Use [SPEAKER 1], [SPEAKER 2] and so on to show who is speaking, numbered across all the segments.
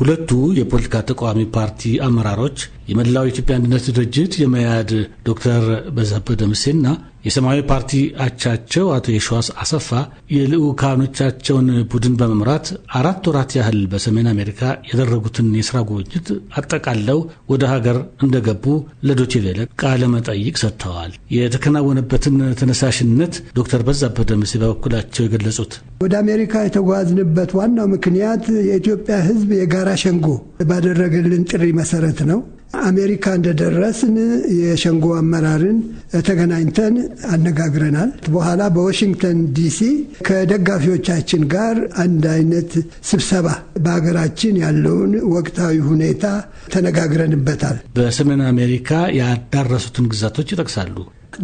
[SPEAKER 1] ሁለቱ የፖለቲካ ተቃዋሚ ፓርቲ አመራሮች የመላው የኢትዮጵያ አንድነት ድርጅት የመያድ ዶክተር በዛብህ ደምሴና የሰማያዊ ፓርቲ አቻቸው አቶ የሸዋስ አሰፋ የልዑካኖቻቸውን ቡድን በመምራት አራት ወራት ያህል በሰሜን አሜሪካ ያደረጉትን የስራ ጉብኝት አጠቃለው ወደ ሀገር እንደገቡ ለዶቼ ቬለ ቃለ መጠይቅ ሰጥተዋል። የተከናወነበትን ተነሳሽነት ዶክተር በዛብህ ደምሴ በበኩላቸው የገለጹት
[SPEAKER 2] ወደ አሜሪካ የተጓዝንበት ዋናው ምክንያት የኢትዮጵያ ሕዝብ የጋራ ሸንጎ ባደረገልን ጥሪ መሰረት ነው። አሜሪካ እንደደረስን የሸንጎ አመራርን ተገናኝተን አነጋግረናል። በኋላ በዋሽንግተን ዲሲ ከደጋፊዎቻችን ጋር አንድ አይነት ስብሰባ በሀገራችን ያለውን ወቅታዊ ሁኔታ ተነጋግረንበታል።
[SPEAKER 1] በሰሜን አሜሪካ ያዳረሱትን ግዛቶች ይጠቅሳሉ።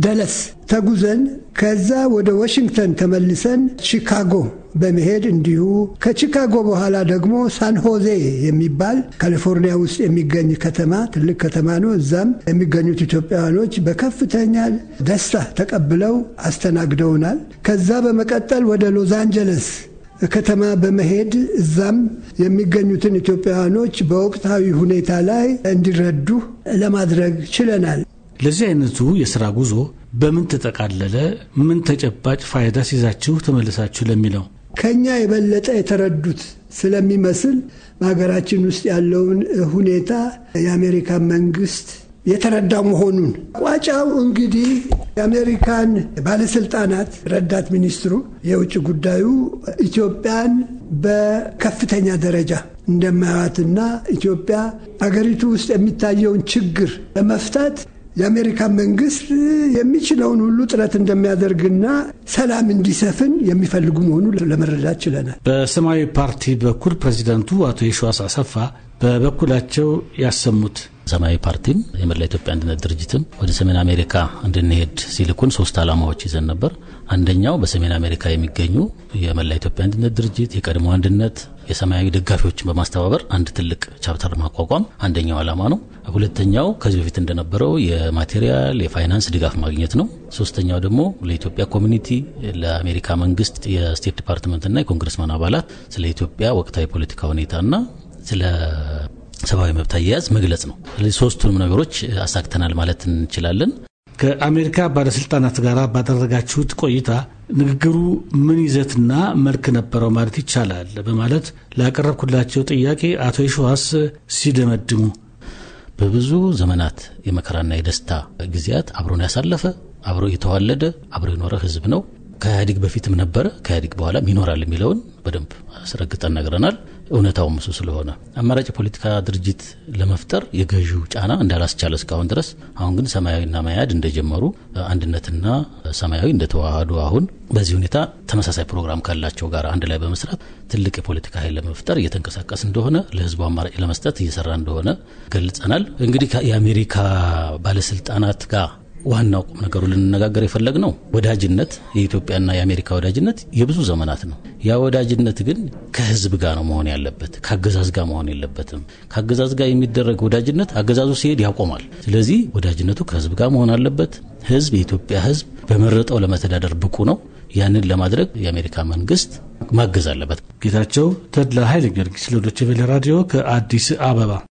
[SPEAKER 2] ደለስ ተጉዘን ከዛ ወደ ዋሽንግተን ተመልሰን ቺካጎ በመሄድ እንዲሁ ከቺካጎ በኋላ ደግሞ ሳን ሆዜ የሚባል ካሊፎርኒያ ውስጥ የሚገኝ ከተማ ትልቅ ከተማ ነው። እዛም የሚገኙት ኢትዮጵያውያኖች በከፍተኛ ደስታ ተቀብለው አስተናግደውናል። ከዛ በመቀጠል ወደ ሎስ አንጀለስ ከተማ በመሄድ እዛም የሚገኙትን ኢትዮጵያውያኖች በወቅታዊ ሁኔታ ላይ እንዲረዱ ለማድረግ ችለናል።
[SPEAKER 1] ለዚህ አይነቱ የስራ ጉዞ በምን ተጠቃለለ? ምን ተጨባጭ ፋይዳ ሲይዛችሁ ተመልሳችሁ ለሚለው
[SPEAKER 2] ከኛ የበለጠ የተረዱት ስለሚመስል በሀገራችን ውስጥ ያለውን ሁኔታ የአሜሪካ መንግስት የተረዳ መሆኑን ቋጫው እንግዲህ የአሜሪካን ባለስልጣናት ረዳት ሚኒስትሩ የውጭ ጉዳዩ ኢትዮጵያን በከፍተኛ ደረጃ እንደማያዋትና ኢትዮጵያ አገሪቱ ውስጥ የሚታየውን ችግር ለመፍታት የአሜሪካ መንግስት የሚችለውን ሁሉ ጥረት እንደሚያደርግና ሰላም እንዲሰፍን የሚፈልጉ መሆኑን ለመረዳት ችለናል።
[SPEAKER 1] በሰማያዊ ፓርቲ በኩል ፕሬዚደንቱ አቶ የሸዋስ
[SPEAKER 3] አሰፋ በበኩላቸው ያሰሙት ሰማያዊ ፓርቲም የመላ ኢትዮጵያ አንድነት ድርጅትም ወደ ሰሜን አሜሪካ እንድንሄድ ሲልኩን ሶስት ዓላማዎች ይዘን ነበር። አንደኛው በሰሜን አሜሪካ የሚገኙ የመላ ኢትዮጵያ አንድነት ድርጅት የቀድሞ አንድነት የሰማያዊ ደጋፊዎችን በማስተባበር አንድ ትልቅ ቻፕተር ማቋቋም አንደኛው ዓላማ ነው። ሁለተኛው ከዚህ በፊት እንደነበረው የማቴሪያል የፋይናንስ ድጋፍ ማግኘት ነው። ሶስተኛው ደግሞ ለኢትዮጵያ ኮሚኒቲ፣ ለአሜሪካ መንግስት የስቴት ዲፓርትመንትና የኮንግረስማን አባላት ስለ ኢትዮጵያ ወቅታዊ ፖለቲካ ሁኔታና ስለ ሰብአዊ መብት አያያዝ መግለጽ ነው። ስለዚህ ሶስቱንም ነገሮች አሳክተናል ማለት እንችላለን።
[SPEAKER 1] ከአሜሪካ ባለስልጣናት ጋር ባደረጋችሁት ቆይታ ንግግሩ ምን ይዘትና መልክ ነበረው ማለት ይቻላል? በማለት ላቀረብኩላቸው ጥያቄ አቶ
[SPEAKER 3] የሸዋስ ሲደመድሙ በብዙ ዘመናት የመከራና የደስታ ጊዜያት አብሮን ያሳለፈ አብሮ የተዋለደ አብሮ የኖረ ህዝብ ነው። ከኢህአዴግ በፊትም ነበረ፣ ከኢህአዴግ በኋላም ይኖራል የሚለውን በደንብ አስረግጠን ነግረናል። እውነታው ምሱ ስለሆነ አማራጭ የፖለቲካ ድርጅት ለመፍጠር የገዢው ጫና እንዳላስቻለ እስካሁን ድረስ አሁን ግን ሰማያዊና መያድ እንደጀመሩ አንድነትና ሰማያዊ እንደተዋሃዱ አሁን በዚህ ሁኔታ ተመሳሳይ ፕሮግራም ካላቸው ጋር አንድ ላይ በመስራት ትልቅ የፖለቲካ ኃይል ለመፍጠር እየተንቀሳቀስ እንደሆነ ለህዝቡ አማራጭ ለመስጠት እየሰራ እንደሆነ ገልጸናል። እንግዲህ የአሜሪካ ባለስልጣናት ጋር ዋናው ቁም ነገሩ ልንነጋገር የፈለግ ነው ወዳጅነት፣ የኢትዮጵያና የአሜሪካ ወዳጅነት የብዙ ዘመናት ነው። ያ ወዳጅነት ግን ከህዝብ ጋር ነው መሆን ያለበት፣ ከአገዛዝ ጋር መሆን የለበትም። ከአገዛዝ ጋር የሚደረግ ወዳጅነት አገዛዙ ሲሄድ ያቆማል። ስለዚህ ወዳጅነቱ ከህዝብ ጋር መሆን አለበት። ህዝብ የኢትዮጵያ ህዝብ በመረጠው ለመተዳደር ብቁ ነው። ያንን ለማድረግ የአሜሪካ መንግስት ማገዝ አለበት። ጌታቸው ተድላ ኃይለ ጊዮርጊስ ለዶይቼ ቬለ ራዲዮ
[SPEAKER 1] ከአዲስ አበባ